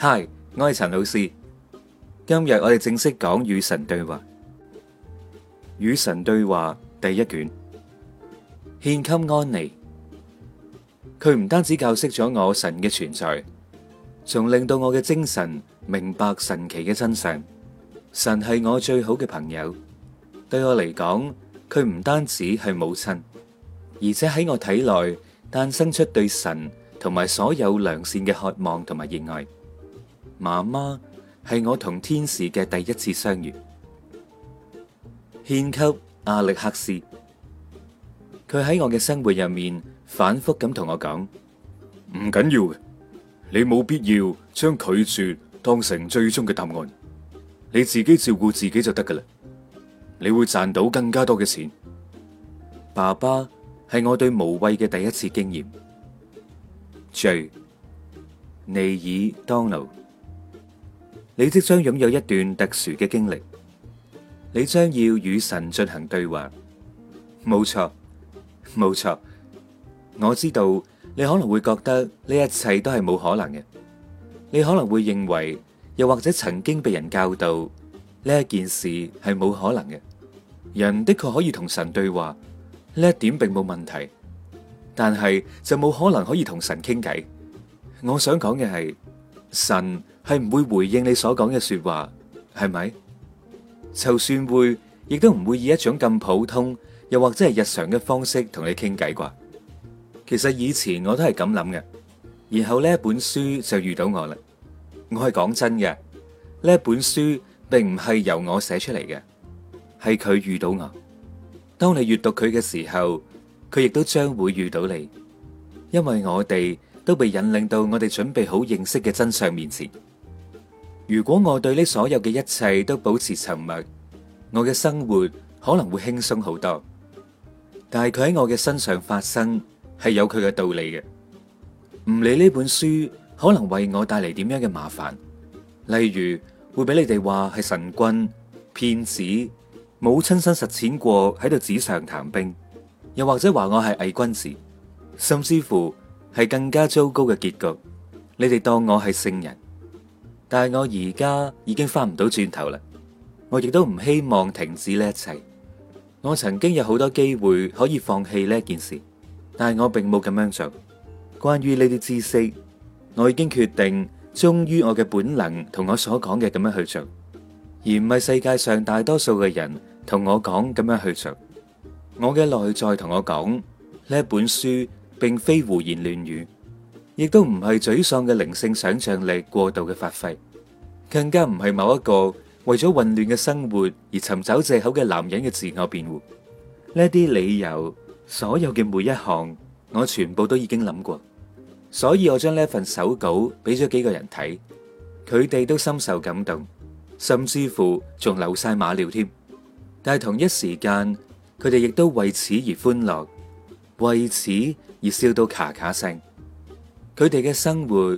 嗨，Hi, 我係陳老師。今日我哋正式講與神對話。與神對話第一卷獻給安妮。佢唔單止教識咗我神嘅存在，仲令到我嘅精神明白神奇嘅真相。神係我最好嘅朋友，對我嚟講，佢唔單止係母親，而且喺我體內誕生出對神同埋所有良善嘅渴望同埋熱愛。媽媽係我同天使嘅第一次相遇，獻給阿力克斯。佢喺我嘅生活入面反覆咁同我講，唔緊要嘅，你冇必要將拒絕當成最終嘅答案，你自己照顧自己就得噶啦。你會賺到更加多嘅錢。爸爸係我對無畏嘅第一次經驗。J 尼爾當勞。你即將擁有一段特殊嘅經歷，你將要與神進行對話。冇錯，冇錯。我知道你可能會覺得呢一切都係冇可能嘅，你可能會認為，又或者曾經被人教導，呢一件事係冇可能嘅。人的確可以同神對話，呢一點並冇問題，但係就冇可能可以同神傾偈。我想講嘅係神。係唔會回應你所講嘅說話，係咪？就算會，亦都唔會以一種咁普通，又或者係日常嘅方式同你傾偈啩。其實以前我都係咁諗嘅，然後呢一本書就遇到我啦。我係講真嘅，呢一本書並唔係由我寫出嚟嘅，係佢遇到我。當你閱讀佢嘅時候，佢亦都將會遇到你，因為我哋都被引領到我哋準備好認識嘅真相面前。如果我對你所有嘅一切都保持沉默，我嘅生活可能會輕鬆好多。但係佢喺我嘅身上發生係有佢嘅道理嘅。唔理呢本書可能為我帶嚟點樣嘅麻煩，例如會俾你哋話係神棍、騙子，冇親身實踐過喺度紙上談兵，又或者話我係偽君子，甚至乎係更加糟糕嘅結局，你哋當我係聖人。但係我而家已經翻唔到轉頭啦，我亦都唔希望停止呢一切。我曾經有好多機會可以放棄呢一件事，但係我並冇咁樣做。關於呢啲知識，我已經決定忠於我嘅本能同我所講嘅咁樣去做，而唔係世界上大多數嘅人同我講咁樣去做。我嘅內在同我講，呢一本書並非胡言亂語。亦都唔係沮喪嘅靈性想象力過度嘅發揮，更加唔係某一個為咗混亂嘅生活而尋找借口嘅男人嘅自我辯護。呢啲理由，所有嘅每一項，我全部都已經諗過。所以我將呢份手稿俾咗幾個人睇，佢哋都深受感動，甚至乎仲流晒馬尿添。但係同一時間，佢哋亦都為此而歡樂，為此而笑到咔咔聲。佢哋嘅生活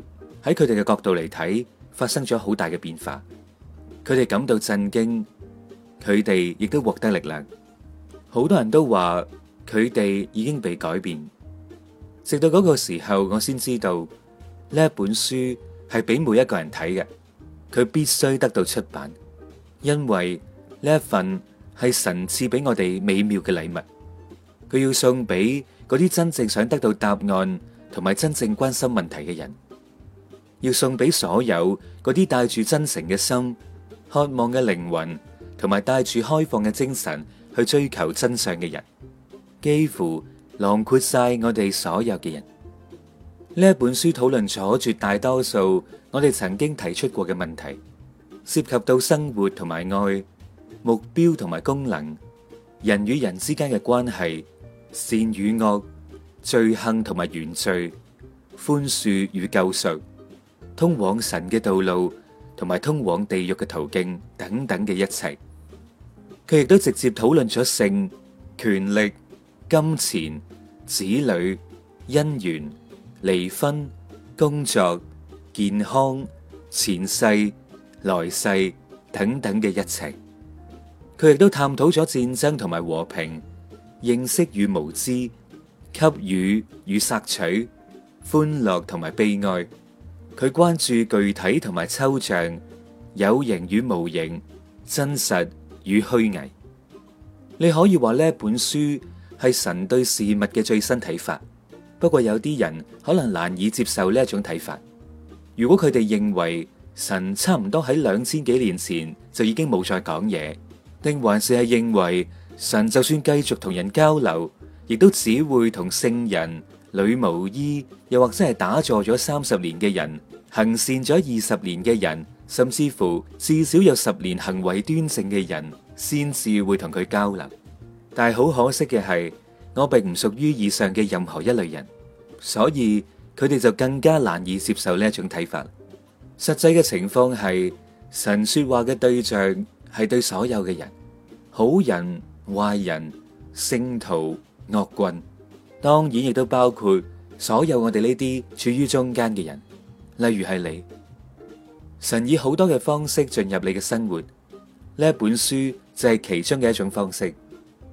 喺佢哋嘅角度嚟睇，發生咗好大嘅變化。佢哋感到震驚，佢哋亦都獲得力量。好多人都話佢哋已經被改變。直到嗰個時候，我先知道呢一本書係俾每一個人睇嘅。佢必須得到出版，因為呢一份係神賜俾我哋美妙嘅禮物。佢要送俾嗰啲真正想得到答案，同埋真正關心問題嘅人，要送俾所有嗰啲帶住真誠嘅心、渴望嘅靈魂，同埋帶住開放嘅精神去追求真相嘅人，幾乎囊括晒我哋所有嘅人。呢本書討論咗絕大多數我哋曾經提出過嘅問題，涉及到生活同埋愛、目標同埋功能、人與人之間嘅關係、善與惡。罪行同埋原罪、寬恕與救贖、通往神嘅道路同埋通往地獄嘅途徑等等嘅一切，佢亦都直接討論咗性、權力、金錢、子女、姻緣、離婚、工作、健康、前世、來世等等嘅一切。佢亦都探討咗戰爭同埋和平、認識與無知、給予與索取，歡樂同埋悲哀，佢關注具體同埋抽象，有形與無形，真實與虛偽。你可以話呢本書係神對事物嘅最新睇法。不過有啲人可能難以接受呢種睇法。如果佢哋認為神差唔多喺兩千幾年前就已經冇再講嘢，定還是係認為神就算繼續同人交流，亦都只會同聖人、女巫醫，又或者係打坐咗三十年嘅人，行善咗二十年嘅人，甚至乎至少有十年行為端正嘅人，先至會同佢交流。但係好可惜嘅係，我並唔屬於以上嘅任何一類人，所以佢哋就更加難以接受呢一種睇法。實際嘅情況係，神說話嘅對象係對所有嘅人，好人、壞人、聖徒、惡棍，當然亦都包括所有我哋呢啲處於中間嘅人，例如係你。神以好多嘅方式進入你嘅生活，呢本書就係其中嘅一種方式。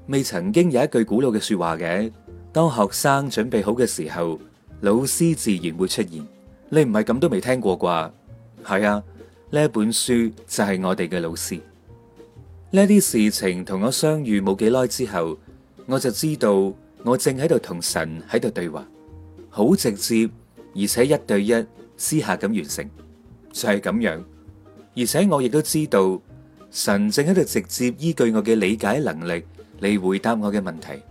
未曾經有一句古老嘅說話嘅，當學生準備好嘅時候，老師自然會出現。你唔係咁都未聽過啩？係啊，呢本書就係我哋嘅老師。呢啲事情同我相遇冇幾耐之後。我就知道，我正喺度同神喺度對話，好直接，而且一對一私下咁完成，就係咁樣。而且我亦都知道，神正喺度直接依據我嘅理解能力嚟回答我嘅問題，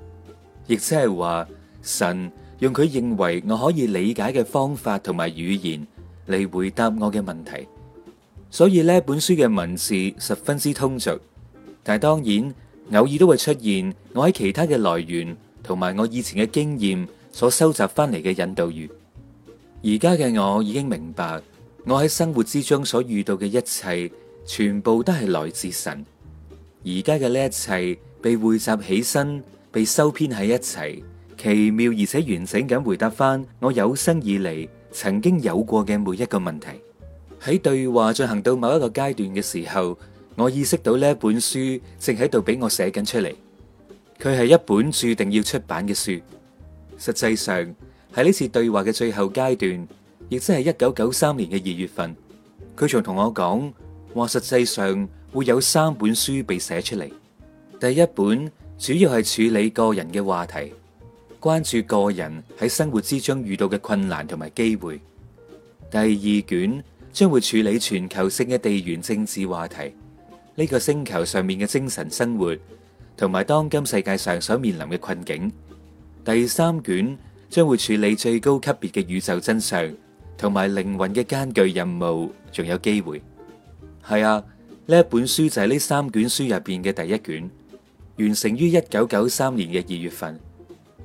亦即係話，神用佢認為我可以理解嘅方法同埋語言嚟回答我嘅問題。所以呢本書嘅文字十分之通俗，但係當然。偶爾都會出現我喺其他嘅來源同埋我以前嘅經驗所收集翻嚟嘅引導語。而家嘅我已經明白，我喺生活之中所遇到嘅一切，全部都係來自神。而家嘅呢一切被匯集起身，被收編喺一齊，奇妙而且完整咁回答翻我有生以來曾經有過嘅每一個問題。喺對話進行到某一個階段嘅時候，我意識到呢本書正喺度俾我寫緊出嚟，佢係一本注定要出版嘅書。實際上喺呢次對話嘅最後階段，亦即係一九九三年嘅二月份，佢仲同我講話，實際上會有三本書被寫出嚟。第一本主要係處理個人嘅話題，關注個人喺生活之中遇到嘅困難同埋機會。第二卷將會處理全球性嘅地緣政治話題。呢個星球上面嘅精神生活，同埋當今世界上所面臨嘅困境。第三卷將會處理最高級別嘅宇宙真相，同埋靈魂嘅艱巨任務，仲有機會。係啊，呢一本書就係呢三卷書入邊嘅第一卷，完成於一九九三年嘅二月份。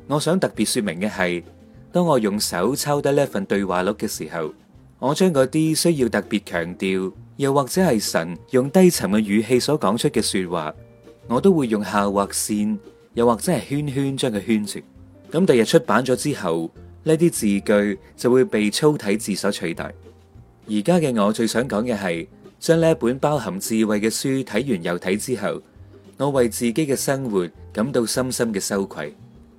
我想特別說明嘅係，當我用手抄低呢份對話錄嘅時候。我將嗰啲需要特別強調，又或者係神用低沉嘅語氣所講出嘅說話，我都會用下劃線，又或者係圈圈將佢圈住。咁、嗯、第日出版咗之後，呢啲字句就會被粗體字所取代。而家嘅我最想講嘅係，將呢本包含智慧嘅書睇完又睇之後，我為自己嘅生活感到深深嘅羞愧。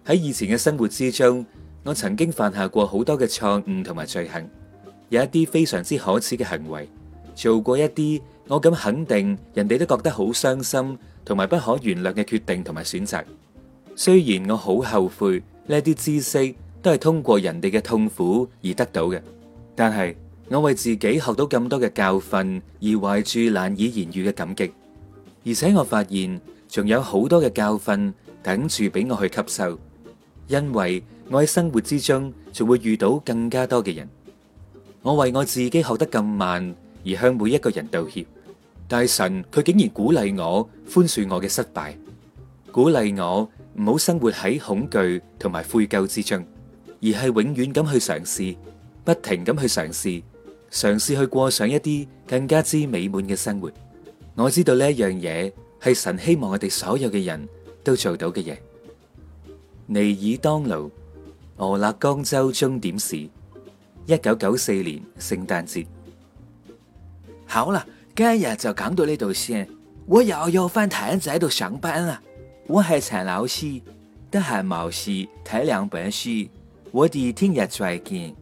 喺以前嘅生活之中，我曾經犯下過好多嘅錯誤同埋罪行。有一啲非常之可恥嘅行為，做過一啲我咁肯定人哋都覺得好傷心同埋不可原諒嘅決定同埋選擇。雖然我好後悔呢啲知識都係通過人哋嘅痛苦而得到嘅，但係我為自己學到咁多嘅教訓而懷住難以言喻嘅感激。而且我發現仲有好多嘅教訓等住俾我去吸收，因為我喺生活之中就會遇到更加多嘅人。我為我自己學得咁慢而向每一個人道歉，大神佢竟然鼓勵我寬恕我嘅失敗，鼓勵我唔好生活喺恐懼同埋悔疚之中，而係永遠咁去嘗試，不停咁去嘗試，嘗試去過上一啲更加之美滿嘅生活。我知道呢一樣嘢係神希望我哋所有嘅人都做到嘅嘢。尼爾當勞俄勒岡州終點市，一九九四年聖誕節，好啦，今日就講到呢度先。我又要翻艇仔度上班啦，我係陳老師，得閒冇事睇兩本書，我哋聽日再見。